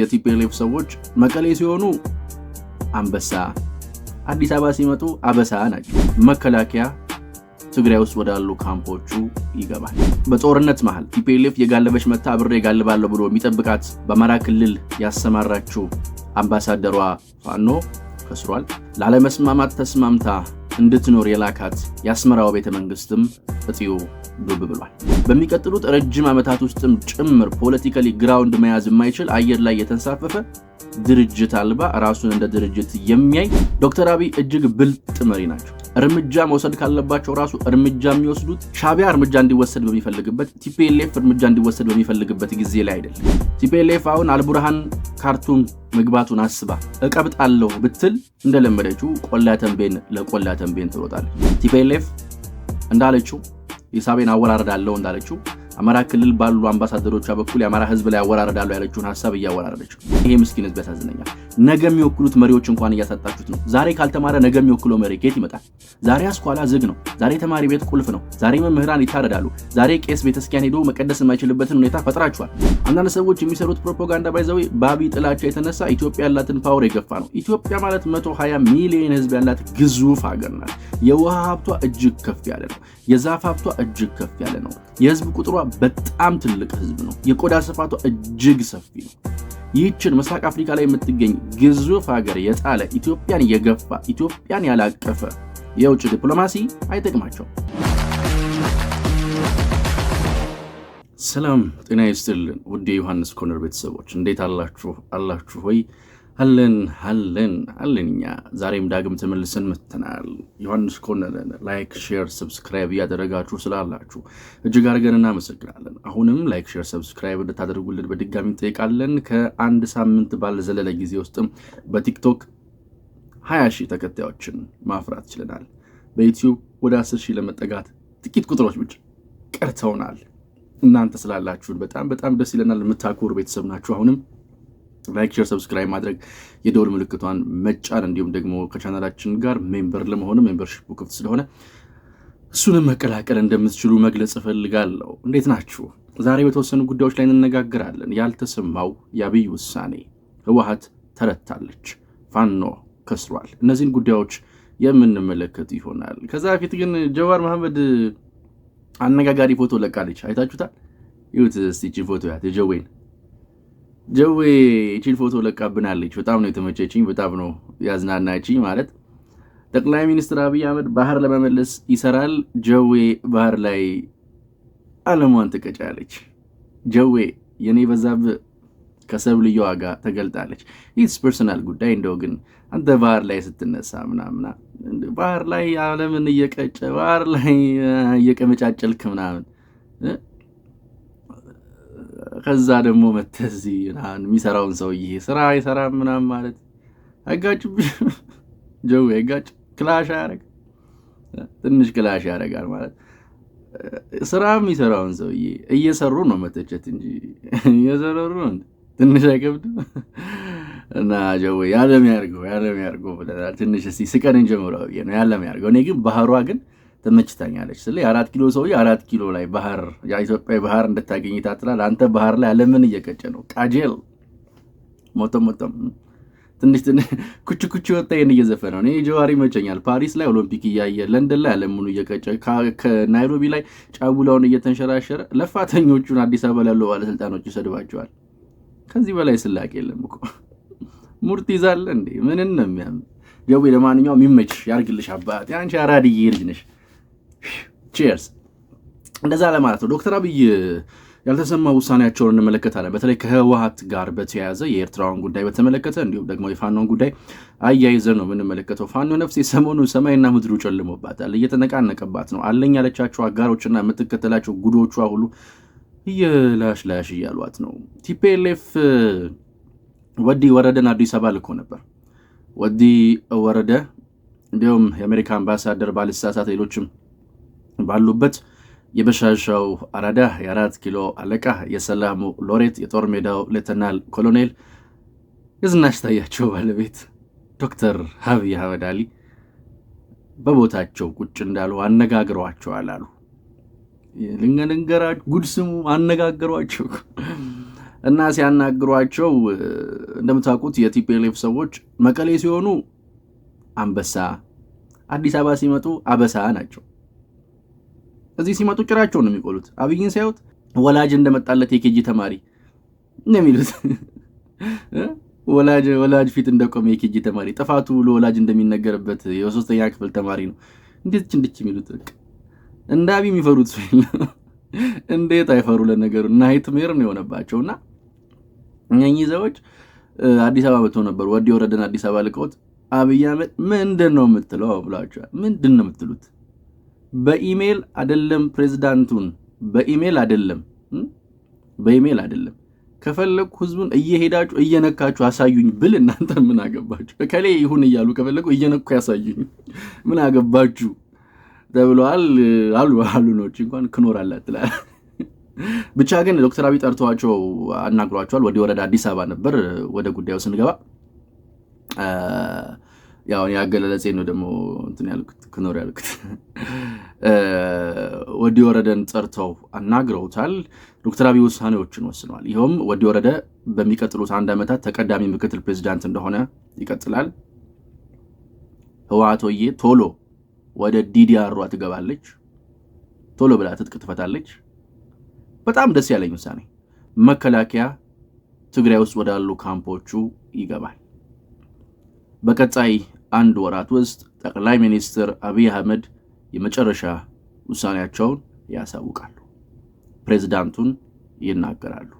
የቲፔሌፍ ሰዎች መቀሌ ሲሆኑ አንበሳ፣ አዲስ አበባ ሲመጡ አበሳ ናቸው። መከላከያ ትግራይ ውስጥ ወዳሉ ካምፖቹ ይገባል። በጦርነት መሃል ቲፔሌፍ የጋለበች መታ አብሬ ጋልባለሁ ብሎ የሚጠብቃት በአማራ ክልል ያሰማራችው አምባሳደሯ ፋኖ ከስሯል። ላለመስማማት ተስማምታ እንድትኖር የላካት የአስመራው ቤተ መንግስትም እጢው ብብ ብሏል። በሚቀጥሉት ረጅም ዓመታት ውስጥም ጭምር ፖለቲካሊ ግራውንድ መያዝ የማይችል አየር ላይ የተንሳፈፈ ድርጅት አልባ ራሱን እንደ ድርጅት የሚያይ ዶክተር አብይ እጅግ ብልጥ መሪ ናቸው። እርምጃ መውሰድ ካለባቸው ራሱ እርምጃ የሚወስዱት ሻቢያ እርምጃ እንዲወሰድ በሚፈልግበት ቲፒኤልኤፍ እርምጃ እንዲወሰድ በሚፈልግበት ጊዜ ላይ አይደለም። ቲፒኤልኤፍ አሁን አልቡርሃን ካርቱም መግባቱን አስባ እቀብጣለሁ ብትል እንደለመደችው ቆላ ተንቤን ለቆላ ተንቤን ትሮጣለች። ቲፒኤልኤፍ እንዳለችው ሂሳቤን አወራረዳለሁ እንዳለችው አማራ ክልል ባሉ አምባሳደሮቿ በኩል የአማራ ህዝብ ላይ አወራረዳሉ ያለችውን ሀሳብ እያወራረደች ነው። ይሄ ምስኪን ህዝብ ያሳዝነኛል። ነገ የሚወክሉት መሪዎች እንኳን እያሳጣችሁት ነው። ዛሬ ካልተማረ ነገ የሚወክለው መሪ ከየት ይመጣል? ዛሬ አስኳላ ዝግ ነው። ዛሬ ተማሪ ቤት ቁልፍ ነው። ዛሬ መምህራን ይታረዳሉ። ዛሬ ቄስ ቤተስኪያን ሄዶ መቀደስ የማይችልበትን ሁኔታ ፈጥራችኋል። አንዳንድ ሰዎች የሚሰሩት ፕሮፓጋንዳ ባይዘዊ ባቢ ጥላቻ የተነሳ ኢትዮጵያ ያላትን ፓወር የገፋ ነው። ኢትዮጵያ ማለት 120 ሚሊዮን ህዝብ ያላት ግዙፍ ሀገር ናት። የውሃ ሀብቷ እጅግ ከፍ ያለ ነው። የዛፍ ሀብቷ እጅግ ከፍ ያለ ነው። የህዝብ ቁጥሯ በጣም ትልቅ ህዝብ ነው። የቆዳ ስፋቷ እጅግ ሰፊ ነው። ይህችን ምስራቅ አፍሪካ ላይ የምትገኝ ግዙፍ ሀገር የጣለ ኢትዮጵያን የገፋ ኢትዮጵያን ያላቀፈ የውጭ ዲፕሎማሲ አይጠቅማቸውም። ሰላም ጤና ይስጥልን ውድ የዮሐንስ ኮርነር ቤተሰቦች እንዴት አላችሁ? አላችሁ ሆይ አለን አለን አለን እኛ ዛሬም ዳግም ተመልሰን መጥተናል። ዮሐንስ ኮርነርን ላይክ፣ ሼር፣ ሰብስክራይብ እያደረጋችሁ ስላላችሁ እጅግ አድርገን እናመሰግናለን። አሁንም ላይክ፣ ሼር፣ ሰብስክራይብ እንድታደርጉልን በድጋሚ እንጠይቃለን። ከአንድ ሳምንት ባልዘለለ ጊዜ ውስጥም በቲክቶክ 20 ሺህ ተከታዮችን ማፍራት ችለናል። በዩትዩብ ወደ 10 ሺህ ለመጠጋት ጥቂት ቁጥሮች ብቻ ቀርተውናል። እናንተ ስላላችሁን በጣም በጣም ደስ ይለናል። የምታኮሩ ቤተሰብ ናችሁ። አሁንም ላይክ ሼር ሰብስክራይብ ማድረግ የደወል ምልክቷን መጫን እንዲሁም ደግሞ ከቻናላችን ጋር ሜምበር ለመሆኑ ሜምበርሺፑ ክፍት ስለሆነ እሱንም መቀላቀል እንደምትችሉ መግለጽ እፈልጋለሁ። እንዴት ናችሁ? ዛሬ በተወሰኑ ጉዳዮች ላይ እንነጋገራለን። ያልተሰማው የአብይ ውሳኔ፣ ህወሀት ተረታለች፣ ፋኖ ከስሯል። እነዚህን ጉዳዮች የምንመለከት ይሆናል። ከዛ በፊት ግን ጀዋር መሐመድ አነጋጋሪ ፎቶ ለቃለች። አይታችሁታል? ይሁት እስቲ ፎቶ ያት የጀወይን ጀዌ ይችን ፎቶ ለቃብናለች። በጣም ነው የተመቸችኝ፣ በጣም ነው ያዝናናችኝ። ማለት ጠቅላይ ሚኒስትር አብይ አህመድ ባህር ለመመለስ ይሰራል፣ ጀዌ ባህር ላይ አለሟን ትቀጫለች። ጀዌ የኔ ከሰብ ልዩ ዋጋ ተገልጣለች። ይህስ ፐርሰናል ጉዳይ እንደው ግን አንተ ባህር ላይ ስትነሳ ምናምና ባህር ላይ አለምን እየቀጨ ባህር ላይ እየቀመጫጨልክ ምናምን ከዛ ደግሞ መተህ እዚህ የሚሰራውን ይሄ ስራ የሰራ ምናምን ማለት አይጋጭ ጀው አይጋጭ ክላሽ አያደርግ ትንሽ ክላሽ ያደርጋል ማለት ስራ የሚሰራውን ሰውዬ እየሰሩ ነው መተቸት እንጂ እየሰሩ ነው ትንሽ አይከብድም። እና ጀው ያለም ያርገው ያለም ያርገው ብለናል። ትንሽ እስኪ ስቀን እንጀምረው ነው ያለም ያርገው። እኔ ግን ባህሯ ግን ተመችታኛለች ስለ የአራት ኪሎ ሰውዬ አራት ኪሎ ላይ ባህር ኢትዮጵያ ባህር እንድታገኝ ታትላል። አንተ ባህር ላይ አለምን እየቀጨ ነው። ቃጀል ሞተ ሞተም ትንሽ ትንሽ ኩቹ ኩቹ ወጣ ይህን እየዘፈነ ነው። እኔ ጀዋር ይመቸኛል። ፓሪስ ላይ ኦሎምፒክ እያየ ለንደን ላይ አለምኑ እየቀጨ ከናይሮቢ ላይ ጫጉላውን እየተንሸራሸረ ለፋተኞቹን አዲስ አበባ ላይ ያለው ባለስልጣኖች ይሰድባቸዋል። ከዚህ በላይ ስላቅ የለም እኮ ሙርት ይዛል እንዴ! ምንን ነው የሚያም ደዌ። ለማንኛውም ይመችሽ፣ ያርግልሽ አባት። የአንቺ አራድዬ ልጅ ነሽ። ቼርስ እንደዛ ለማለት ነው። ዶክተር አብይ ያልተሰማ ውሳኔያቸውን እንመለከታለን። በተለይ ከህወሀት ጋር በተያያዘ የኤርትራውን ጉዳይ በተመለከተ እንዲሁም ደግሞ የፋኖን ጉዳይ አያይዘን ነው የምንመለከተው። ፋኖ ነፍሴ ሰሞኑን ሰማይና ምድሩ ጨልሞባታል፣ እየተነቃነቀባት ነው። አለኝ ያለቻቸው አጋሮችና የምትከተላቸው ጉዶቿ ሁሉ ላሽ እያሏት ነው። ቲፒኤልኤፍ ወዲ ወረደን አዲስ አበባ ልኮ ነበር። ወዲ ወረደ እንዲሁም የአሜሪካ አምባሳደር ባልሳሳት ሌሎችም ባሉበት የበሻሻው አራዳ፣ የአራት ኪሎ አለቃ፣ የሰላሙ ሎሬት፣ የጦር ሜዳው ሌተናል ኮሎኔል፣ የዝናሽ ታያቸው ባለቤት ዶክተር አብይ አህመድ አሊ በቦታቸው ቁጭ እንዳሉ አነጋግሯቸዋል አሉ። ልንገንገራ ጉድ ስሙ፣ አነጋግሯቸው እና ሲያናግሯቸው እንደምታውቁት የቲፒኤልኤፍ ሰዎች መቀሌ ሲሆኑ አንበሳ፣ አዲስ አበባ ሲመጡ አበሳ ናቸው። እዚህ ሲመጡ ጭራቸው ነው የሚቆሉት። አብይን ሲያዩት ወላጅ እንደመጣለት የኬጂ ተማሪ ነው የሚሉት። ወላጅ ወላጅ ፊት እንደቆመ የኬጂ ተማሪ ጥፋቱ ለወላጅ እንደሚነገርበት የሶስተኛ ክፍል ተማሪ ነው። እንዴት እንድች የሚሉት እንደ አብይ የሚፈሩት እንዴት አይፈሩ? ለነገሩ ናይትሜር ነው የሆነባቸው እና እኚህ ሰዎች አዲስ አበባ መጥተው ነበር። ወዲ ወረደን አዲስ አበባ ልቀውት አብይ አህመድ ምንድን ነው የምትለው ብላችኋል። ምንድን ነው የምትሉት? በኢሜል አይደለም ፕሬዝዳንቱን በኢሜይል አይደለም በኢሜል አይደለም ከፈለጉ ህዝቡን እየሄዳችሁ እየነካችሁ አሳዩኝ ብል እናንተ ምን አገባችሁ? ከሌ ይሁን እያሉ ከፈለጉ እየነኩ ያሳዩኝ ምን አገባችሁ ተብለዋል አሉ ነች እንኳን ክኖር ትላል። ብቻ ግን ዶክተር አብይ ጠርተዋቸው አናግሯቸዋል። ወደ ወረዳ አዲስ አበባ ነበር። ወደ ጉዳዩ ስንገባ ያው የአገላለጼ ነው ደግሞ እንትን ያልኩት ክኖር ያልኩት ወዲ ወረደን ጠርተው አናግረውታል። ዶክተር አብይ ውሳኔዎችን ወስነዋል። ይኸውም ወዲ ወረደ በሚቀጥሉት አንድ ዓመታት ተቀዳሚ ምክትል ፕሬዚዳንት እንደሆነ ይቀጥላል። ወዬ ቶሎ ወደ ዲዲአሯ ትገባለች፣ ቶሎ ብላ ትጥቅ ትፈታለች። በጣም ደስ ያለኝ ውሳኔ። መከላከያ ትግራይ ውስጥ ወዳሉ ካምፖቹ ይገባል። በቀጣይ አንድ ወራት ውስጥ ጠቅላይ ሚኒስትር አብይ አህመድ የመጨረሻ ውሳኔያቸውን ያሳውቃሉ፣ ፕሬዝዳንቱን ይናገራሉ።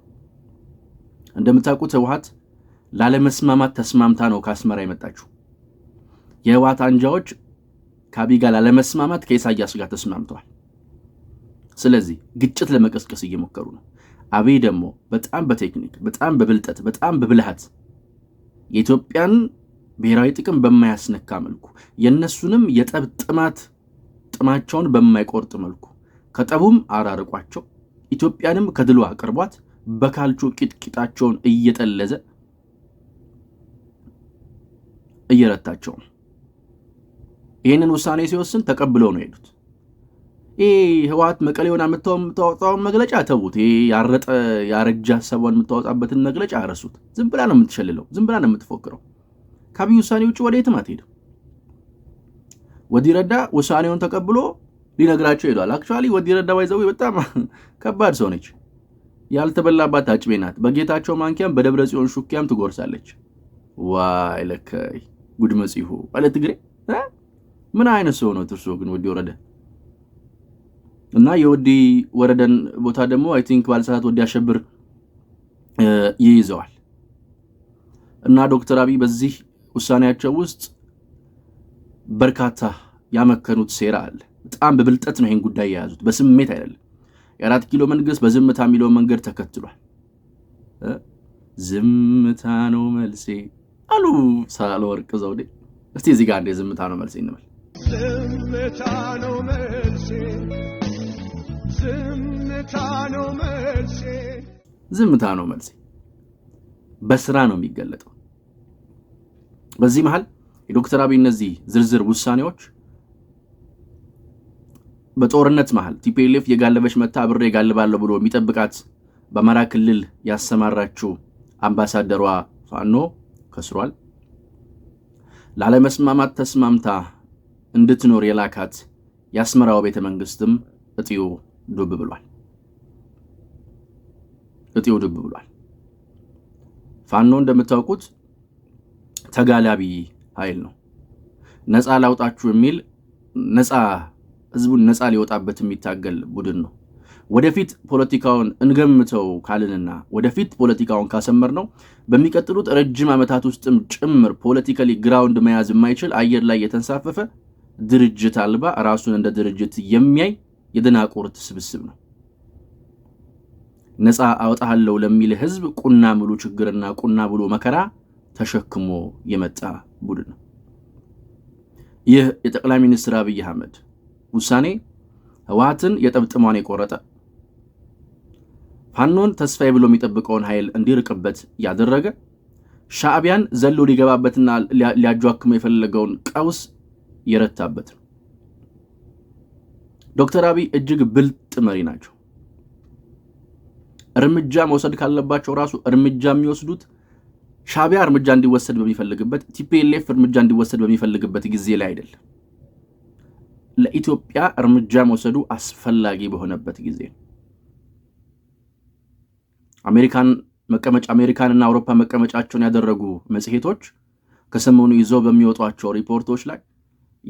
እንደምታውቁት ህወሓት ላለመስማማት ተስማምታ ነው ከአስመራ የመጣችው። የህወሓት አንጃዎች ከአብይ ጋር ላለመስማማት ከኢሳያስ ጋር ተስማምተዋል። ስለዚህ ግጭት ለመቀስቀስ እየሞከሩ ነው። አብይ ደግሞ በጣም በቴክኒክ በጣም በብልጠት በጣም በብልሃት የኢትዮጵያን ብሔራዊ ጥቅም በማያስነካ መልኩ የእነሱንም የጠብ ጥማት ጥማቸውን በማይቆርጥ መልኩ ከጠቡም አራርቋቸው ኢትዮጵያንም ከድሎ አቅርቧት በካልቾ ቂጥቂጣቸውን እየጠለዘ እየረታቸው ይህንን ውሳኔ ሲወስን ተቀብለው ነው የሄዱት። ይህ ህወሓት መቀሌውን አምጥተው የምታወጣውን መግለጫ ተዉት። ይህ ያረጠ ያረጃ ሀሳቧን የምታወጣበትን መግለጫ አረሱት። ዝም ብላ ነው የምትሸልለው። ዝም ብላ ነው የምትፎክረው። ከአብይ ውሳኔ ውጭ ወደ የትም አትሄድም። ወዲ ረዳ ውሳኔውን ተቀብሎ ሊነግራቸው ሄዷል። አክቹዋሊ ወዲ ረዳ ባይዘው በጣም ከባድ ሰው ነች። ያልተበላባት አጭቤ ናት። በጌታቸው ማንኪያም በደብረ ጽዮን ሹኪያም ትጎርሳለች። ዋይ ለከይ ጉድ መጽሑ አለ ትግሬ። ምን አይነት ሰው ነው ትርሶ ግን ወዲ ወረደ እና የወዲ ወረደን ቦታ ደግሞ አይ ቲንክ ባለሰዓት ወዲ አሸብር ይይዘዋል እና ዶክተር አብይ በዚህ ውሳኔያቸው ውስጥ በርካታ ያመከኑት ሴራ አለ። በጣም በብልጠት ነው ይህን ጉዳይ የያዙት፣ በስሜት አይደለም። የአራት ኪሎ መንግስት በዝምታ የሚለውን መንገድ ተከትሏል። ዝምታ ነው መልሴ አሉ ሳህለወርቅ ዘውዴ። እስቲ እዚህ ጋር እንደ ዝምታ ነው መልሴ እንበል። ዝምታ ነው መልሴ፣ ዝምታ ነው መልሴ፣ ዝምታ ነው መልሴ። በስራ ነው የሚገለጠው በዚህ መሃል የዶክተር አብይ እነዚህ ዝርዝር ውሳኔዎች በጦርነት መሃል ቲፒኤልኤፍ የጋለበች መታ አብሬ ጋልባለሁ ብሎ የሚጠብቃት በአማራ ክልል ያሰማራችው አምባሳደሯ ፋኖ ከስሯል። ላለመስማማት ተስማምታ እንድትኖር የላካት የአስመራው ቤተ መንግስትም ዱብ ብሏል። እጥዮ ዱብ ብሏል። ፋኖ እንደምታውቁት ተጋላቢ ኃይል ነው። ነፃ ላውጣችሁ የሚል ነፃ ህዝቡን ነፃ ሊወጣበት የሚታገል ቡድን ነው። ወደፊት ፖለቲካውን እንገምተው ካልንና ወደፊት ፖለቲካውን ካሰመር ነው በሚቀጥሉት ረጅም ዓመታት ውስጥም ጭምር ፖለቲካሊ ግራውንድ መያዝ የማይችል አየር ላይ የተንሳፈፈ ድርጅት አልባ ራሱን እንደ ድርጅት የሚያይ የደናቁርት ስብስብ ነው። ነፃ አወጣሃለሁ ለሚል ህዝብ ቁና ሙሉ ችግርና ቁና ብሎ መከራ ተሸክሞ የመጣ ቡድን ነው። ይህ የጠቅላይ ሚኒስትር አብይ አህመድ ውሳኔ ህወሓትን የጠብጥሟን የቆረጠ ፋኖን ተስፋዬ ብሎ የሚጠብቀውን ኃይል እንዲርቅበት ያደረገ ሻዕቢያን ዘሎ ሊገባበትና ሊያጇክሙ የፈለገውን ቀውስ የረታበት ነው። ዶክተር አብይ እጅግ ብልጥ መሪ ናቸው። እርምጃ መውሰድ ካለባቸው ራሱ እርምጃ የሚወስዱት ሻቢያ እርምጃ እንዲወሰድ በሚፈልግበት ቲፒኤልኤፍ እርምጃ እንዲወሰድ በሚፈልግበት ጊዜ ላይ አይደለም። ለኢትዮጵያ እርምጃ መውሰዱ አስፈላጊ በሆነበት ጊዜ አሜሪካን መቀመጫ አሜሪካንና አውሮፓ መቀመጫቸውን ያደረጉ መጽሔቶች ከሰሞኑ ይዘው በሚወጧቸው ሪፖርቶች ላይ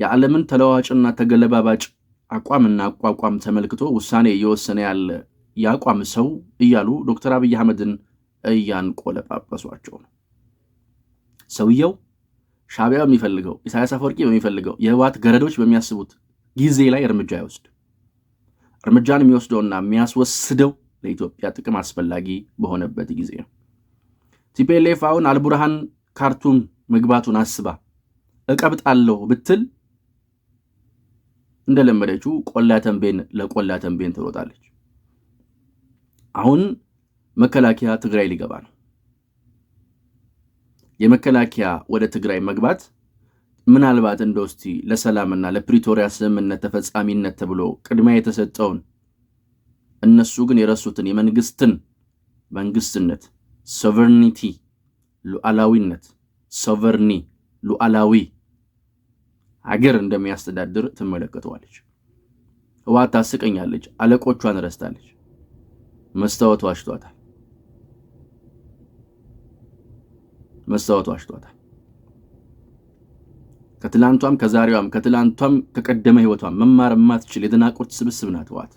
የዓለምን ተለዋጭና ተገለባባጭ አቋምና አቋቋም ተመልክቶ ውሳኔ እየወሰነ ያለ የአቋም ሰው እያሉ ዶክተር አብይ አህመድን እያንቆለጳጳሷቸው ነው። ሰውየው ሻቢያ በሚፈልገው ኢሳያስ አፈወርቂ በሚፈልገው የህወሓት ገረዶች በሚያስቡት ጊዜ ላይ እርምጃ ይወስድ። እርምጃን የሚወስደውና የሚያስወስደው ለኢትዮጵያ ጥቅም አስፈላጊ በሆነበት ጊዜ ነው። ቲፒኤልኤፍ አሁን አልቡርሃን ካርቱም መግባቱን አስባ እቀብጣለሁ ብትል እንደለመደችው ቆላ ተንቤን ለቆላ ተንቤን ትሮጣለች። አሁን መከላከያ ትግራይ ሊገባ ነው። የመከላከያ ወደ ትግራይ መግባት ምናልባት እንደ ውስቲ ለሰላምና ለፕሪቶሪያ ስምምነት ተፈጻሚነት ተብሎ ቅድሚያ የተሰጠውን እነሱ ግን የረሱትን የመንግስትን መንግስትነት ሶቨርኒቲ ሉዓላዊነት ሶቨርኒ ሉዓላዊ ሀገር እንደሚያስተዳድር ትመለከተዋለች። ህወሓት ታስቀኛለች። አለቆቿን ረስታለች። መስታወት ዋሽቷታል። መስታወቱ አሽቷታል። ከትላንቷም ከዛሬዋም ከትላንቷም ከቀደመ ህይወቷም መማር የማትችል የደናቁርት ስብስብ ናት ህወሓት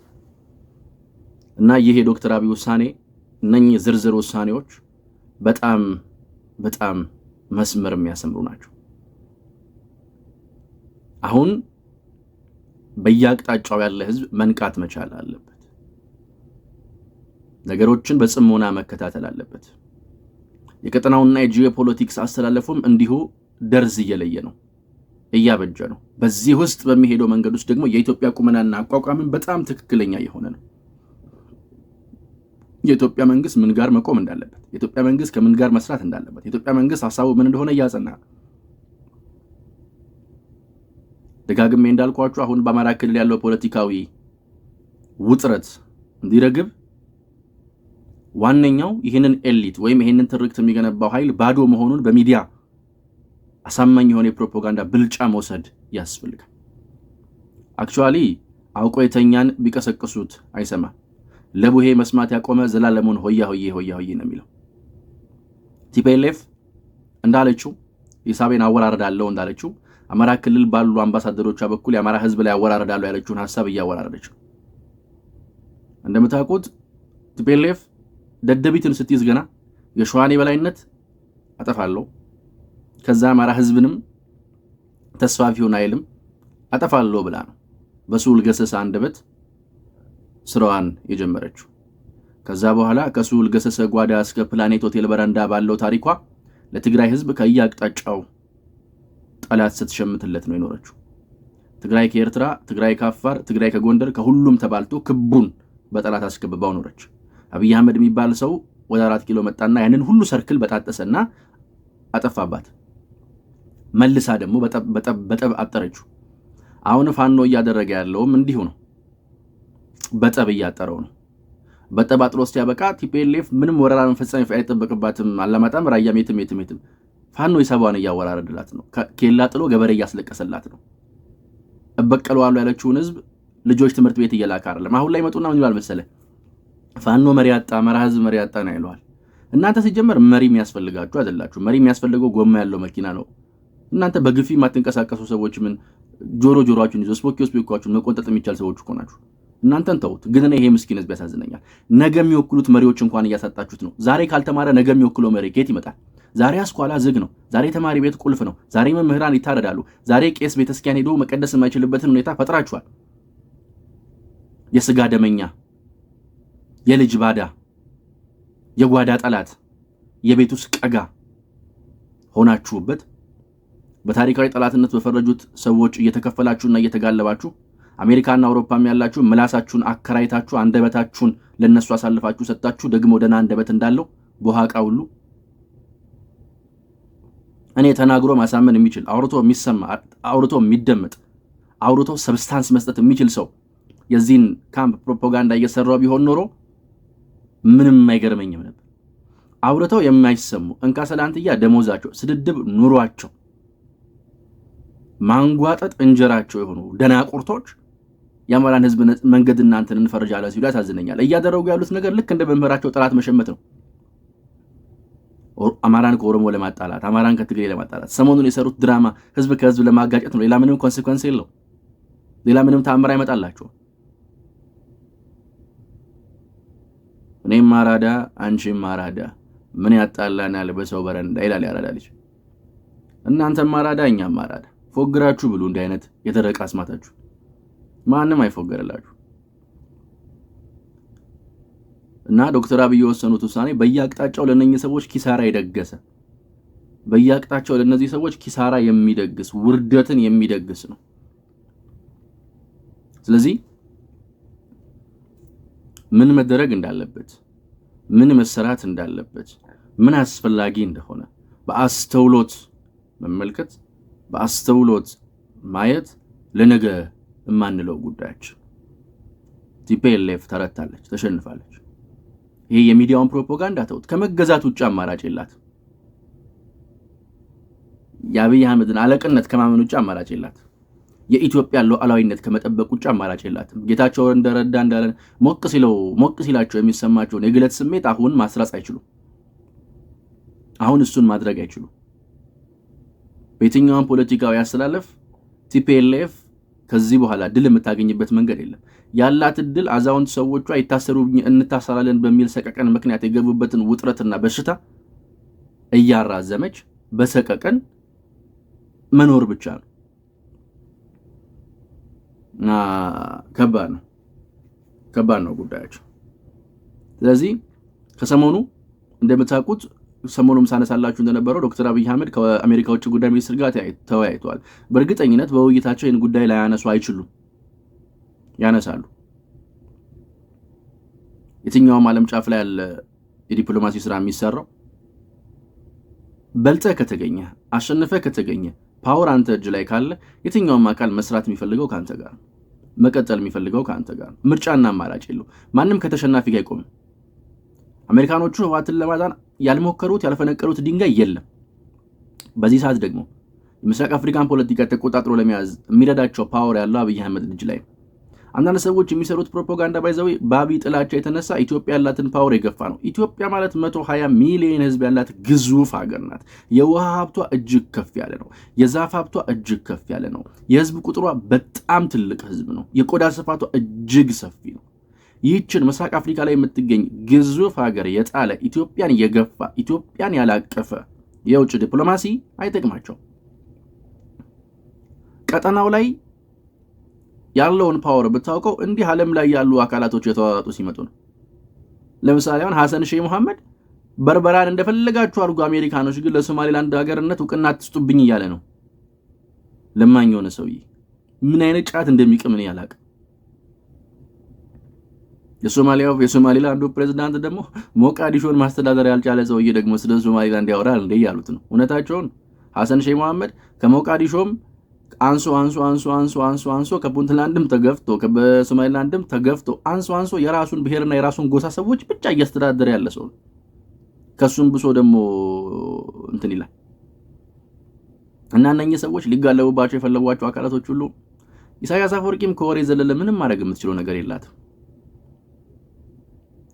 እና ይህ የዶክተር አብይ ውሳኔ እነኚህ ዝርዝር ውሳኔዎች በጣም በጣም መስመር የሚያሰምሩ ናቸው። አሁን በየአቅጣጫው ያለ ህዝብ መንቃት መቻል አለበት። ነገሮችን በጽሞና መከታተል አለበት። የቀጠናውና የጂኦፖለቲክስ አስተላለፉም እንዲሁ ደርዝ እየለየ ነው፣ እያበጀ ነው። በዚህ ውስጥ በሚሄደው መንገድ ውስጥ ደግሞ የኢትዮጵያ ቁመናና አቋቋምን በጣም ትክክለኛ የሆነ ነው። የኢትዮጵያ መንግስት ምን ጋር መቆም እንዳለበት፣ የኢትዮጵያ መንግስት ከምን ጋር መስራት እንዳለበት፣ የኢትዮጵያ መንግስት ሀሳቡ ምን እንደሆነ እያጸና ደጋግሜ እንዳልኳችሁ አሁን በአማራ ክልል ያለው ፖለቲካዊ ውጥረት እንዲረግብ ዋነኛው ይህንን ኤሊት ወይም ይህንን ትርክት የሚገነባው ኃይል ባዶ መሆኑን በሚዲያ አሳማኝ የሆነ የፕሮፓጋንዳ ብልጫ መውሰድ ያስፈልጋል። አክቹዋሊ አውቆ የተኛን ቢቀሰቅሱት አይሰማም። ለቡሄ መስማት ያቆመ ዘላለሙን ሆያ ሆዬ ሆያ ሆዬ ነው የሚለው። ቲፔሌፍ እንዳለችው ሂሳቤን አወራረዳለው እንዳለችው አማራ ክልል ባሉ አምባሳደሮቿ በኩል የአማራ ሕዝብ ላይ አወራረዳለሁ ያለችውን ሀሳብ እያወራረደች ነው። እንደምታውቁት ቲፔሌፍ ደደቢትን ስትይዝ ገና የሸዋን የበላይነት አጠፋለሁ፣ ከዛ አማራ ህዝብንም ተስፋፊውን አይልም አጠፋለሁ ብላ ነው በስሁል ገሰሰ አንደበት ስራዋን የጀመረችው። ከዛ በኋላ ከስሁል ገሰሰ ጓዳ እስከ ፕላኔት ሆቴል በረንዳ ባለው ታሪኳ ለትግራይ ህዝብ ከየአቅጣጫው ጠላት ስትሸምትለት ነው የኖረችው። ትግራይ ከኤርትራ፣ ትግራይ ከአፋር፣ ትግራይ ከጎንደር ከሁሉም ተባልቶ ክቡን በጠላት አስከብባው ኖረች። አብይ አህመድ የሚባል ሰው ወደ አራት ኪሎ መጣና ያንን ሁሉ ሰርክል በጣጠሰና አጠፋባት። መልሳ ደግሞ በጠብ አጠረችው። አሁን ፋኖ እያደረገ ያለውም እንዲሁ ነው። በጠብ እያጠረው ነው። በጠብ አጥሮ ሲያበቃ ቲፒኤልኤፍ ምንም ወረራ መፈጸም አይጠበቅባትም። አላማጣም፣ ራያም፣ የትም የትም የትም ፋኖ የሰባን እያወራረድላት ነው። ኬላ ጥሎ ገበሬ እያስለቀሰላት ነው። እበቀለዋለሁ ያለችውን ህዝብ ልጆች ትምህርት ቤት እየላከ አይደለም። አሁን ላይ መጡና ምን ይላል መሰለህ ፋኖ መሪ ያጣ፣ አማራ ህዝብ መሪ ያጣ ነው ይለዋል። እናንተ ሲጀመር መሪ የሚያስፈልጋችሁ አይደላችሁ። መሪ የሚያስፈልገው ጎማ ያለው መኪና ነው። እናንተ በግፊ የማትንቀሳቀሱ ሰዎች ምን ጆሮ ጆሮአችሁን ይዞ ስፖኪ ስፖኪዋችሁን መቆንጠጥ የሚቻል ሰዎች እኮ ናችሁ። እናንተን ተውት። ግን እኔ ይሄ ምስኪን ህዝብ ያሳዝነኛል። ነገ የሚወክሉት መሪዎች እንኳን እያሳጣችሁት ነው። ዛሬ ካልተማረ ነገ የሚወክለው መሪ ከየት ይመጣል? ዛሬ አስኳላ ዝግ ነው። ዛሬ ተማሪ ቤት ቁልፍ ነው። ዛሬ መምህራን ይታረዳሉ። ዛሬ ቄስ ቤተስኪያን ሄዶ መቀደስ የማይችልበትን ሁኔታ ፈጥራችኋል። የስጋ ደመኛ የልጅ ባዳ፣ የጓዳ ጠላት፣ የቤት ውስጥ ቀጋ ሆናችሁበት በታሪካዊ ጠላትነት በፈረጁት ሰዎች እየተከፈላችሁና እየተጋለባችሁ አሜሪካና አውሮፓም ያላችሁ ምላሳችሁን አከራይታችሁ አንደበታችሁን ለነሱ አሳልፋችሁ ሰጥታችሁ ደግሞ ደህና አንደበት እንዳለው በኋቃ ሁሉ እኔ ተናግሮ ማሳመን የሚችል አውርቶ የሚሰማ አውርቶ የሚደመጥ አውርቶ ሰብስታንስ መስጠት የሚችል ሰው የዚህን ካምፕ ፕሮፓጋንዳ እየሰራው ቢሆን ኖሮ ምንም አይገርመኝም ነበር። አውርተው የማይሰሙ እንካ ደሞዛቸው፣ ስድድብ ኑሯቸው፣ ማንጓጠጥ እንጀራቸው የሆኑ ደናቁርቶች የአማራን ህዝብ መንገድ እናንተን እንፈርጃለን ሲሉ ያሳዝነኛል። እያደረጉ ያሉት ነገር ልክ እንደ መምህራቸው ጠላት መሸመት ነው። አማራን ከኦሮሞ ለማጣላት፣ አማራን ከትግሬ ለማጣላት ሰሞኑን የሰሩት ድራማ ህዝብ ከህዝብ ለማጋጨት ነው። ሌላ ምንም ኮንሲኮንስ የለው። ሌላ ምንም ተአምር አይመጣላቸውም። እኔም አራዳ አንቺም አራዳ ምን ያጣላናል በሰው በረንዳ ይላል ያራዳ ልጅ። እናንተም አራዳ እኛም አራዳ ፎግራችሁ ብሉ። እንዲህ አይነት የደረቀ አስማታችሁ ማንም አይፎገርላችሁ። እና ዶክተር አብይ የወሰኑት ውሳኔ በየአቅጣጫው ለእነኚህ ሰዎች ኪሳራ የደገሰ በየአቅጣጫው ለእነዚህ ሰዎች ኪሳራ የሚደግስ ውርደትን የሚደግስ ነው። ስለዚህ ምን መደረግ እንዳለበት፣ ምን መሰራት እንዳለበት፣ ምን አስፈላጊ እንደሆነ በአስተውሎት መመልከት፣ በአስተውሎት ማየት ለነገ የማንለው ጉዳያችን። ቲፒኤልኤፍ ተረታለች፣ ተሸንፋለች። ይሄ የሚዲያውን ፕሮፓጋንዳ ተውት። ከመገዛት ውጭ አማራጭ የላት። የአብይ አህመድን አለቅነት ከማመን ውጭ አማራጭ የላት። የኢትዮጵያ ሉዓላዊነት ከመጠበቅ ውጭ አማራጭ የላትም። ጌታቸው እንደረዳ እንዳለን ሞቅ ሲለው ሞቅ ሲላቸው የሚሰማቸውን የግለት ስሜት አሁን ማስራጽ አይችሉም። አሁን እሱን ማድረግ አይችሉም። በየትኛውም ፖለቲካዊ አስተላለፍ ቲፒኤልኤፍ ከዚህ በኋላ ድል የምታገኝበት መንገድ የለም። ያላት ድል አዛውንት ሰዎቿ ይታሰሩ እንታሰራለን በሚል ሰቀቀን ምክንያት የገቡበትን ውጥረትና በሽታ እያራዘመች በሰቀቀን መኖር ብቻ ነው። እና ከባድ ነው ከባድ ነው ጉዳያቸው። ስለዚህ ከሰሞኑ እንደምታውቁት ሰሞኑም ሳነሳላችሁ እንደነበረው ዶክተር አብይ አህመድ ከአሜሪካ ውጭ ጉዳይ ሚኒስትር ጋር ተወያይተዋል። በእርግጠኝነት በውይይታቸው ይህን ጉዳይ ላይ ያነሱ አይችሉም፣ ያነሳሉ። የትኛውም ዓለም ጫፍ ላይ ያለ የዲፕሎማሲ ስራ የሚሰራው በልጠህ ከተገኘ አሸንፈህ ከተገኘ ፓወር አንተ እጅ ላይ ካለ የትኛውም አካል መስራት የሚፈልገው ከአንተ ጋር ነው። መቀጠል የሚፈልገው ከአንተ ጋር ነው። ምርጫና አማራጭ የለው። ማንም ከተሸናፊ ጋር አይቆምም። አሜሪካኖቹ ህወሓትን ለማዛን ያልሞከሩት ያልፈነቀሉት ድንጋይ የለም። በዚህ ሰዓት ደግሞ የምስራቅ አፍሪካን ፖለቲካ ተቆጣጥሮ ለመያዝ የሚረዳቸው ፓወር ያለው አብይ አህመድ እጅ ላይ ነው። አንዳንድ ሰዎች የሚሰሩት ፕሮፓጋንዳ ባይዘዌ በአብይ ጥላቻ የተነሳ ኢትዮጵያ ያላትን ፓወር የገፋ ነው። ኢትዮጵያ ማለት 120 ሚሊዮን ህዝብ ያላት ግዙፍ ሀገር ናት። የውሃ ሀብቷ እጅግ ከፍ ያለ ነው። የዛፍ ሀብቷ እጅግ ከፍ ያለ ነው። የህዝብ ቁጥሯ በጣም ትልቅ ህዝብ ነው። የቆዳ ስፋቷ እጅግ ሰፊ ነው። ይህችን ምስራቅ አፍሪካ ላይ የምትገኝ ግዙፍ ሀገር የጣለ ኢትዮጵያን የገፋ ኢትዮጵያን ያላቀፈ የውጭ ዲፕሎማሲ አይጠቅማቸው ቀጠናው ላይ ያለውን ፓወር ብታውቀው እንዲህ ዓለም ላይ ያሉ አካላቶች የተዋጡ ሲመጡ ነው። ለምሳሌ አሁን ሐሰን ሼህ መሐመድ በርበራን እንደፈለጋችሁ አድርጎ አሜሪካኖች ግን ለሶማሌላንድ ሀገርነት እውቅና አትስጡብኝ እያለ ነው። ለማኝ የሆነ ሰውዬ ምን አይነት ጫት እንደሚቅም እኔ አላቅም። የሶማሊያው የሶማሌላንዱ ፕሬዚዳንት ደግሞ ሞቃዲሾን ማስተዳደር ያልቻለ ሰውዬ ደግሞ ስለ ሶማሌላንድ ያወራል እንዴ ያሉት ነው። እውነታቸውን ሐሰን ሼህ መሐመድ ከሞቃዲሾም አንሶ አንሶ አንሶ አንሶ አንሶ አንሶ ከፑንትላንድም ተገፍቶ በሶማሊላንድም ተገፍቶ አንሶ አንሶ የራሱን ብሔርና የራሱን ጎሳ ሰዎች ብቻ እያስተዳደረ ያለ ሰው ነው። ከሱም ብሶ ደግሞ እንትን ይላል እና እነኚህ ሰዎች ሊጋለቡባቸው የፈለጓቸው አካላቶች ሁሉ ኢሳያስ አፈወርቂም ከወሬ ዘለለ ምንም ማድረግ የምትችለው ነገር የላትም።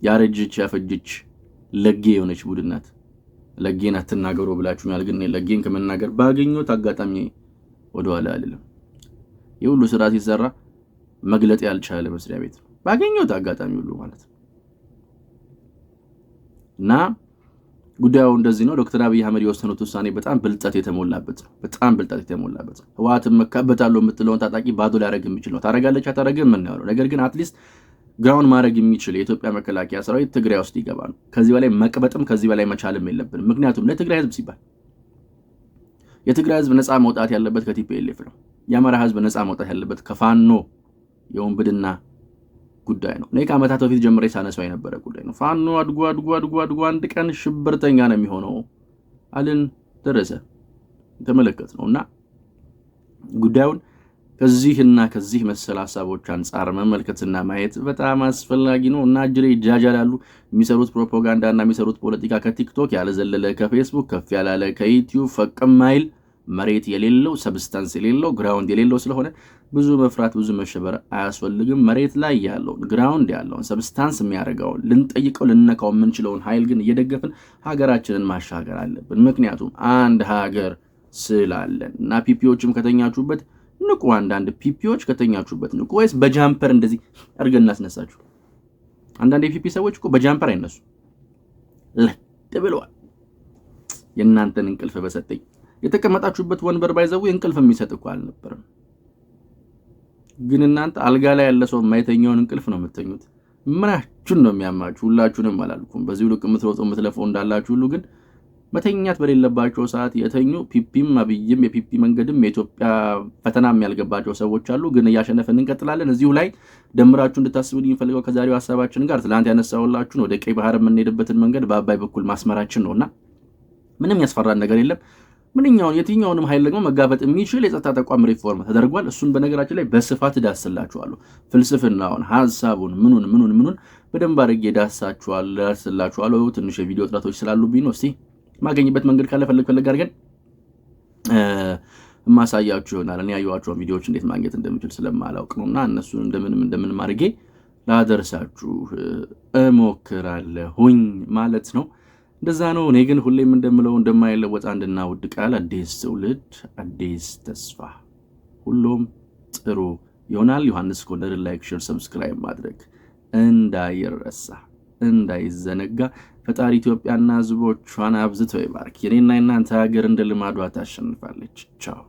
ያረጅች ያፈጅች ለጌ የሆነች ቡድን ናት። ለጌን አትናገሩ ብላችሁኛል፣ ግን ለጌን ከመናገር ባገኘሁት አጋጣሚ ወደኋላ አልልም። ይህ ሁሉ ስራ ሲሰራ መግለጥ ያልቻለ መስሪያ ቤት ነው ባገኘሁት አጋጣሚ ሁሉ ማለት ነው። እና ጉዳዩ እንደዚህ ነው። ዶክተር አብይ አህመድ የወሰኑት ውሳኔ በጣም ብልጠት የተሞላበት ነው። በጣም ብልጠት የተሞላበት ነው። ህወሓት መካበታለሁ የምትለውን ታጣቂ ባዶ ሊያደርግ የሚችል ነው። ታደርጋለች አታደርግም የምናየው ነገር ግን አትሊስት ግራውንድ ማድረግ የሚችል የኢትዮጵያ መከላከያ ሰራዊት ትግራይ ውስጥ ይገባ ነው። ከዚህ በላይ መቅበጥም ከዚህ በላይ መቻልም የለብንም። ምክንያቱም ለትግራይ ህዝብ ሲባል የትግራይ ህዝብ ነፃ መውጣት ያለበት ከቲፒኤልኤፍ ነው። የአማራ ህዝብ ነፃ መውጣት ያለበት ከፋኖ የወንብድና ጉዳይ ነው። እኔ ከዓመታት በፊት ጀምሬ ሳነሳው የነበረ ጉዳይ ነው። ፋኖ አድጎ አድጎ አድጎ አድጎ አንድ ቀን ሽብርተኛ ነው የሚሆነው አልን ደረሰ የተመለከት ነው እና ጉዳዩን ከዚህና ከዚህ መሰል ሀሳቦች አንጻር መመልከትና ማየት በጣም አስፈላጊ ነው እና እጅ ላይ ይጃጃላሉ። የሚሰሩት እና የሚሰሩት ፖለቲካ ከቲክቶክ ያለዘለለ ከፌስቡክ ከፍ ያላለ ከዩቲዩብ ፈቅም ማይል መሬት የሌለው ሰብስታንስ የሌለው ግራውንድ የሌለው ስለሆነ ብዙ መፍራት ብዙ መሸበር አያስፈልግም። መሬት ላይ ያለውን ግራውንድ ያለውን ሰብስታንስ የሚያደርገውን ልንጠይቀው ልንነካው የምንችለውን ኃይል ግን እየደገፍን ሀገራችንን ማሻገር አለብን። ምክንያቱም አንድ ሀገር ስላለን እና ፒፒዎችም ከተኛችሁበት ንቁ። አንዳንድ ፒፒዎች ከተኛችሁበት ንቁ፣ ወይስ በጃምፐር እንደዚህ እርገ እናስነሳችሁ? አንዳንድ የፒፒ ሰዎች እኮ በጃምፐር አይነሱ ለጥ ብለዋል። የእናንተን እንቅልፍ በሰጠኝ የተቀመጣችሁበት ወንበር ባይዘው እንቅልፍ የሚሰጥ እኮ አልነበረም። ግን እናንተ አልጋ ላይ ያለ ሰው የማይተኛውን እንቅልፍ ነው የምተኙት። ምናችሁን ነው የሚያማችሁ? ሁላችሁንም አላልኩም። በዚህ ልክ የምትሮጡ የምትለፈው እንዳላችሁ ሁሉ ግን መተኛት በሌለባቸው ሰዓት የተኙ ፒፒም አብይም የፒፒ መንገድም የኢትዮጵያ ፈተና የሚያልገባቸው ሰዎች አሉ። ግን እያሸነፈን እንቀጥላለን። እዚሁ ላይ ደምራችሁ እንድታስቡ የሚፈልገው ከዛሬው ሀሳባችን ጋር ትላንት ያነሳውላችሁን ወደ ቀይ ባህር የምንሄድበትን መንገድ በአባይ በኩል ማስመራችን ነውና ምንም ያስፈራን ነገር የለም። ምንኛውን የትኛውንም ኃይል ደግሞ መጋፈጥ የሚችል የጸጥታ ተቋም ሪፎርም ተደርጓል። እሱን በነገራችን ላይ በስፋት ዳስላችኋለሁ። ፍልስፍናውን፣ ሀሳቡን፣ ምኑን ምኑን ምኑን በደንብ አድርጌ ዳሳችኋል ዳስላችኋለሁ። ትንሽ የቪዲዮ ጥረቶች ስላሉብኝ ነው። እስቲ ማገኝበት መንገድ ካለ ፈለግ ፈለግ አድርገን የማሳያችሁ ይሆናል። እኔ ያየኋቸውን ቪዲዮዎች እንዴት ማግኘት እንደምችል ስለማላውቅ ነው እና እነሱን እንደምንም እንደምንም አድርጌ ላደርሳችሁ እሞክራለሁኝ ማለት ነው። እንደዛ ነው። እኔ ግን ሁሌም እንደምለው እንደማይለወጥ አንድና ውድ ቃል አዲስ ትውልድ፣ አዲስ ተስፋ፣ ሁሉም ጥሩ ይሆናል። ዮሐንስ ኮርነርን ላይክ፣ ሼር፣ ሰብስክራይብ ማድረግ እንዳይረሳ እንዳይዘነጋ። ፈጣሪ ኢትዮጵያና ሕዝቦቿን አብዝተው ይባርክ። የኔና የናንተ ሀገር እንደ ልማዷ ታሸንፋለች። ቻው